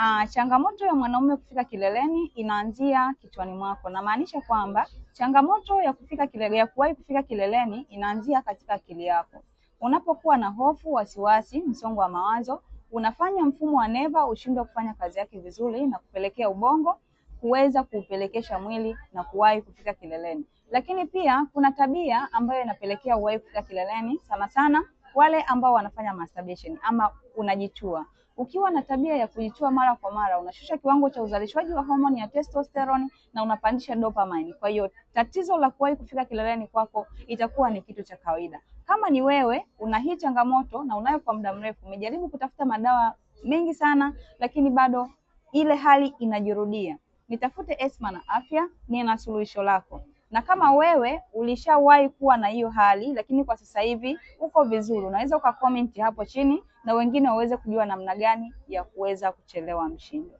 Aa, ah, changamoto ya mwanaume kufika kileleni inaanzia kichwani mwako. Namaanisha kwamba changamoto ya kufika kilele, ya kuwahi kufika kileleni inaanzia katika akili yako. Unapokuwa na hofu, wasiwasi, msongo wa mawazo, unafanya mfumo wa neva ushindwe kufanya kazi yake vizuri na kupelekea ubongo kuweza kuupelekesha mwili na kuwahi kufika kileleni. Lakini pia kuna tabia ambayo inapelekea uwahi kufika kileleni, sana sana wale ambao wanafanya masturbation ama unajitua ukiwa na tabia ya kujitoa mara kwa mara, unashusha kiwango cha uzalishwaji wa homoni ya testosterone na unapandisha dopamine. Kwa hiyo tatizo la kuwahi kufika kileleni kwako itakuwa ni kitu cha kawaida. Kama ni wewe una hii changamoto na unayo kwa muda mrefu, umejaribu kutafuta madawa mengi sana, lakini bado ile hali inajirudia, nitafute Esma na Afya, nina suluhisho lako na kama wewe ulishawahi kuwa na hiyo hali lakini kwa sasa hivi uko vizuri, unaweza ukakomenti hapo chini na wengine waweze kujua namna gani ya kuweza kuchelewa mshindo.